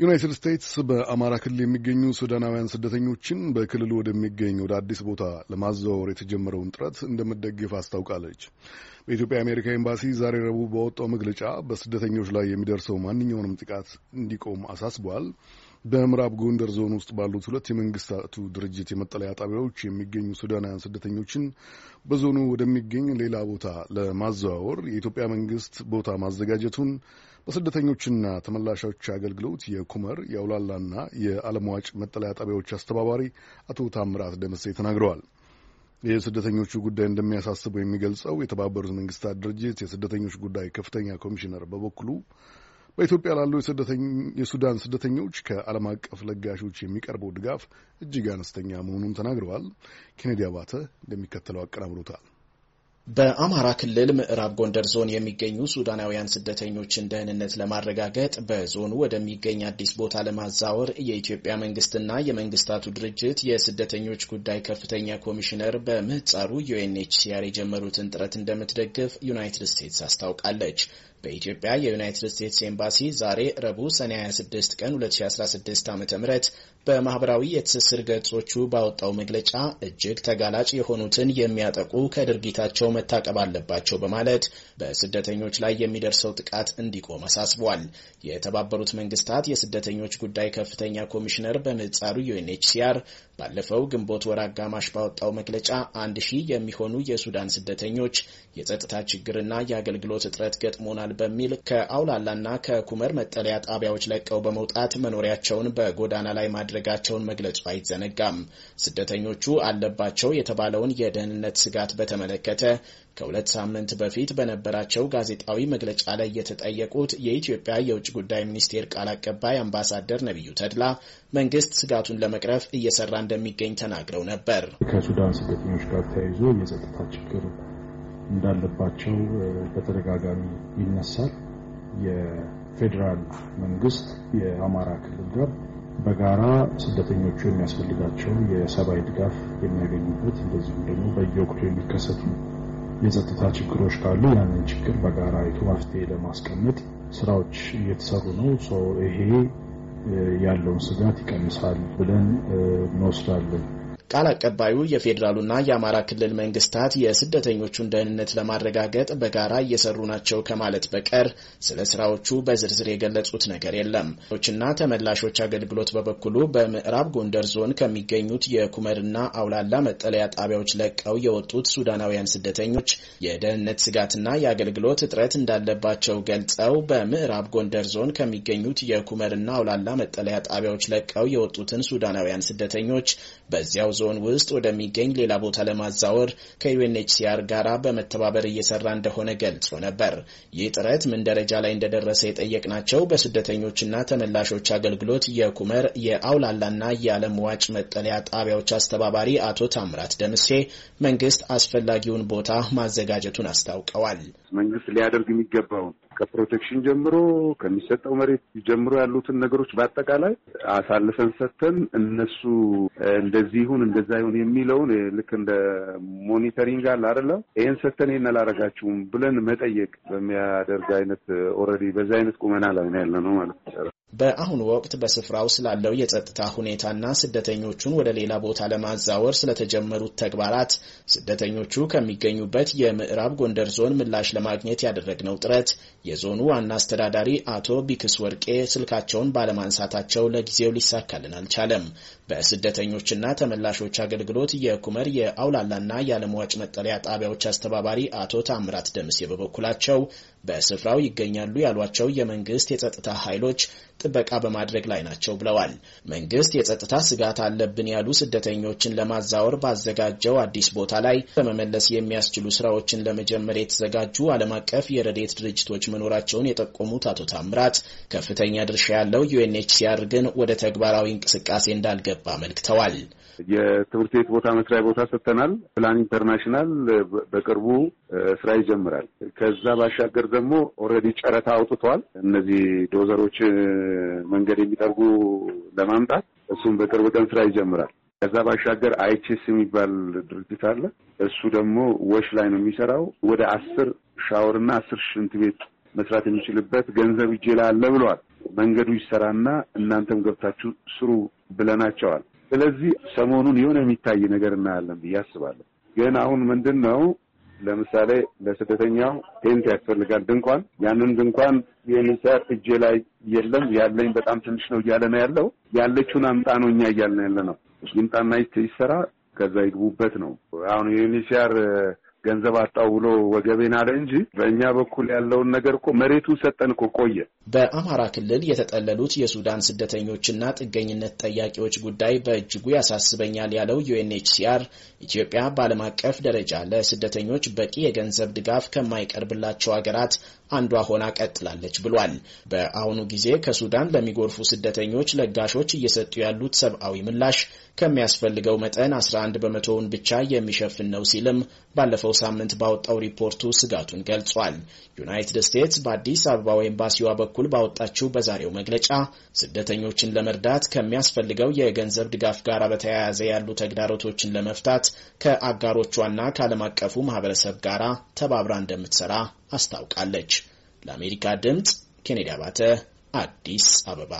ዩናይትድ ስቴትስ በአማራ ክልል የሚገኙ ሱዳናውያን ስደተኞችን በክልሉ ወደሚገኝ ወደ አዲስ ቦታ ለማዘዋወር የተጀመረውን ጥረት እንደምትደግፍ አስታውቃለች። በኢትዮጵያ የአሜሪካ ኤምባሲ ዛሬ ረቡዕ ባወጣው መግለጫ በስደተኞች ላይ የሚደርሰው ማንኛውንም ጥቃት እንዲቆም አሳስቧል። በምዕራብ ጎንደር ዞን ውስጥ ባሉት ሁለት የመንግስታቱ ድርጅት የመጠለያ ጣቢያዎች የሚገኙ ሱዳናውያን ስደተኞችን በዞኑ ወደሚገኝ ሌላ ቦታ ለማዘዋወር የኢትዮጵያ መንግስት ቦታ ማዘጋጀቱን በስደተኞችና ተመላሾች አገልግሎት የኩመር የአውላላና የአለምዋጭ መጠለያ ጣቢያዎች አስተባባሪ አቶ ታምራት ደምሴ ተናግረዋል። የስደተኞቹ ጉዳይ እንደሚያሳስበው የሚገልጸው የተባበሩት መንግስታት ድርጅት የስደተኞች ጉዳይ ከፍተኛ ኮሚሽነር በበኩሉ በኢትዮጵያ ላሉ የሱዳን ስደተኞች ከዓለም አቀፍ ለጋሾች የሚቀርበው ድጋፍ እጅግ አነስተኛ መሆኑን ተናግረዋል። ኬኔዲ አባተ እንደሚከተለው አቀናብሮታል። በአማራ ክልል ምዕራብ ጎንደር ዞን የሚገኙ ሱዳናውያን ስደተኞችን ደህንነት ለማረጋገጥ በዞኑ ወደሚገኝ አዲስ ቦታ ለማዛወር የኢትዮጵያ መንግስትና የመንግስታቱ ድርጅት የስደተኞች ጉዳይ ከፍተኛ ኮሚሽነር በምህጻሩ ዩኤንኤችሲአር የጀመሩትን ጥረት እንደምትደግፍ ዩናይትድ ስቴትስ አስታውቃለች። በኢትዮጵያ የዩናይትድ ስቴትስ ኤምባሲ ዛሬ ረቡዕ ሰኔ 26 ቀን 2016 ዓ ም በማህበራዊ የትስስር ገጾቹ ባወጣው መግለጫ እጅግ ተጋላጭ የሆኑትን የሚያጠቁ ከድርጊታቸው መታቀብ አለባቸው በማለት በስደተኞች ላይ የሚደርሰው ጥቃት እንዲቆም አሳስቧል። የተባበሩት መንግስታት የስደተኞች ጉዳይ ከፍተኛ ኮሚሽነር በምህጻሩ ዩኤንኤችሲአር ባለፈው ግንቦት ወር አጋማሽ ባወጣው መግለጫ አንድ ሺህ የሚሆኑ የሱዳን ስደተኞች የጸጥታ ችግርና የአገልግሎት እጥረት ገጥሞናል በሚል ከአውላላና ከኩመር መጠለያ ጣቢያዎች ለቀው በመውጣት መኖሪያቸውን በጎዳና ላይ ማድረጋቸውን መግለጹ አይዘነጋም። ስደተኞቹ አለባቸው የተባለውን የደህንነት ስጋት በተመለከተ ከሁለት ሳምንት በፊት በነበራቸው ጋዜጣዊ መግለጫ ላይ የተጠየቁት የኢትዮጵያ የውጭ ጉዳይ ሚኒስቴር ቃል አቀባይ አምባሳደር ነቢዩ ተድላ መንግስት ስጋቱን ለመቅረፍ እየሰራ እንደሚገኝ ተናግረው ነበር። ከሱዳን ስደተኞች ጋር ተያይዞ የጸጥታ ችግር እንዳለባቸው በተደጋጋሚ ይነሳል። የፌዴራል መንግስት የአማራ ክልል ጋር በጋራ ስደተኞቹ የሚያስፈልጋቸው የሰብአዊ ድጋፍ የሚያገኙበት እንደዚሁም ደግሞ በየወቅቱ የሚከሰቱ የጸጥታ ችግሮች ካሉ ያንን ችግር በጋራ አይቶ መፍትሄ ለማስቀመጥ ስራዎች እየተሰሩ ነው። ይሄ ያለውን ስጋት ይቀንሳል ብለን እንወስዳለን። ቃል አቀባዩ የፌዴራሉና የአማራ ክልል መንግስታት የስደተኞቹን ደህንነት ለማረጋገጥ በጋራ እየሰሩ ናቸው ከማለት በቀር ስለ ስራዎቹ በዝርዝር የገለጹት ነገር የለም። ና ተመላሾች አገልግሎት በበኩሉ በምዕራብ ጎንደር ዞን ከሚገኙት የኩመርና አውላላ መጠለያ ጣቢያዎች ለቀው የወጡት ሱዳናውያን ስደተኞች የደህንነት ስጋትና የአገልግሎት እጥረት እንዳለባቸው ገልጸው በምዕራብ ጎንደር ዞን ከሚገኙት የኩመርና አውላላ መጠለያ ጣቢያዎች ለቀው የወጡትን ሱዳናውያን ስደተኞች በዚያው ዞን ውስጥ ወደሚገኝ ሌላ ቦታ ለማዛወር ከዩኤንኤችሲአር ጋር በመተባበር እየሰራ እንደሆነ ገልጾ ነበር። ይህ ጥረት ምን ደረጃ ላይ እንደደረሰ የጠየቅናቸው በስደተኞችና ተመላሾች አገልግሎት የኩመር የአውላላና የዓለም ዋጭ መጠለያ ጣቢያዎች አስተባባሪ አቶ ታምራት ደምሴ መንግስት አስፈላጊውን ቦታ ማዘጋጀቱን አስታውቀዋል። መንግስት ሊያደርግ የሚገባውን ከፕሮቴክሽን ጀምሮ ከሚሰጠው መሬት ጀምሮ ያሉትን ነገሮች በአጠቃላይ አሳልፈን ሰጥተን እነሱ እንደዚህ ይሁን እንደዛ ይሁን የሚለውን ልክ እንደ ሞኒተሪንግ አለ አይደለም ይህን ሰጥተን ይህን አላረጋችሁም ብለን መጠየቅ በሚያደርግ አይነት ኦልሬዲ በዛ አይነት ቁመና ላይ ነው ያለ ነው ማለት ነው። በአሁኑ ወቅት በስፍራው ስላለው የጸጥታ ሁኔታና ስደተኞቹን ወደ ሌላ ቦታ ለማዛወር ስለተጀመሩት ተግባራት ስደተኞቹ ከሚገኙበት የምዕራብ ጎንደር ዞን ምላሽ ለማግኘት ያደረግነው ጥረት የዞኑ ዋና አስተዳዳሪ አቶ ቢክስ ወርቄ ስልካቸውን ባለማንሳታቸው ለጊዜው ሊሳካልን አልቻለም። በስደተኞችና ተመላሾች አገልግሎት የኩመር የአውላላና የአለምዋጭ መጠለያ ጣቢያዎች አስተባባሪ አቶ ታምራት ደምሴ በበኩላቸው በስፍራው ይገኛሉ ያሏቸው የመንግስት የጸጥታ ኃይሎች ጥበቃ በማድረግ ላይ ናቸው ብለዋል። መንግስት የጸጥታ ስጋት አለብን ያሉ ስደተኞችን ለማዛወር ባዘጋጀው አዲስ ቦታ ላይ ለመመለስ የሚያስችሉ ስራዎችን ለመጀመር የተዘጋጁ ዓለም አቀፍ የረዴት ድርጅቶች መኖራቸውን የጠቆሙት አቶ ታምራት ከፍተኛ ድርሻ ያለው ዩኤንኤችሲአር ግን ወደ ተግባራዊ እንቅስቃሴ እንዳልገባ አመልክተዋል። የትምህርት ቤት ቦታ መስሪያ ቦታ ሰጥተናል። ፕላን ኢንተርናሽናል በቅርቡ ስራ ይጀምራል። ከዛ ባሻገር ደግሞ ኦልሬዲ ጨረታ አውጥቷል። እነዚህ ዶዘሮች መንገድ የሚጠርጉ ለማምጣት እሱም በቅርብ ቀን ስራ ይጀምራል። ከዛ ባሻገር አይችስ የሚባል ድርጅት አለ። እሱ ደግሞ ወሽ ላይ ነው የሚሰራው። ወደ አስር ሻወርና አስር ሽንት ቤት መስራት የሚችልበት ገንዘብ እጄ ላይ አለ ብለዋል። መንገዱ ይሰራና እናንተም ገብታችሁ ስሩ ብለናቸዋል። ስለዚህ ሰሞኑን የሆነ የሚታይ ነገር እናያለን ብዬ አስባለሁ። ግን አሁን ምንድን ነው ለምሳሌ ለስደተኛው ቴንት ያስፈልጋል፣ ድንኳን። ያንን ድንኳን የሚሰር እጄ ላይ የለም ያለኝ በጣም ትንሽ ነው እያለ ነው ያለው። ያለችውን አምጣ ነው እኛ እያልን ያለ ነው። ይምጣና ይሰራ፣ ከዛ ይግቡበት ነው። አሁን የዩኒሲያር ገንዘብ አጣው ብሎ ወገቤን አለ እንጂ በእኛ በኩል ያለውን ነገር እኮ መሬቱን ሰጠን እኮ ቆየ። በአማራ ክልል የተጠለሉት የሱዳን ስደተኞችና ጥገኝነት ጠያቂዎች ጉዳይ በእጅጉ ያሳስበኛል ያለው ዩኤንኤችሲአር ኢትዮጵያ በዓለም አቀፍ ደረጃ ለስደተኞች በቂ የገንዘብ ድጋፍ ከማይቀርብላቸው ሀገራት አንዷ ሆና ቀጥላለች ብሏል። በአሁኑ ጊዜ ከሱዳን ለሚጎርፉ ስደተኞች ለጋሾች እየሰጡ ያሉት ሰብአዊ ምላሽ ከሚያስፈልገው መጠን 11 በመቶውን ብቻ የሚሸፍን ነው ሲልም ባለፈው ሳምንት ባወጣው ሪፖርቱ ስጋቱን ገልጿል። ዩናይትድ ስቴትስ በአዲስ አበባው ኤምባሲዋ በኩል ባወጣችው በዛሬው መግለጫ ስደተኞችን ለመርዳት ከሚያስፈልገው የገንዘብ ድጋፍ ጋር በተያያዘ ያሉ ተግዳሮቶችን ለመፍታት ከአጋሮቿና ከዓለም አቀፉ ማህበረሰብ ጋር ተባብራ እንደምትሰራ አስታውቃለች። ለአሜሪካ ድምፅ ኬኔዲ አባተ አዲስ አበባ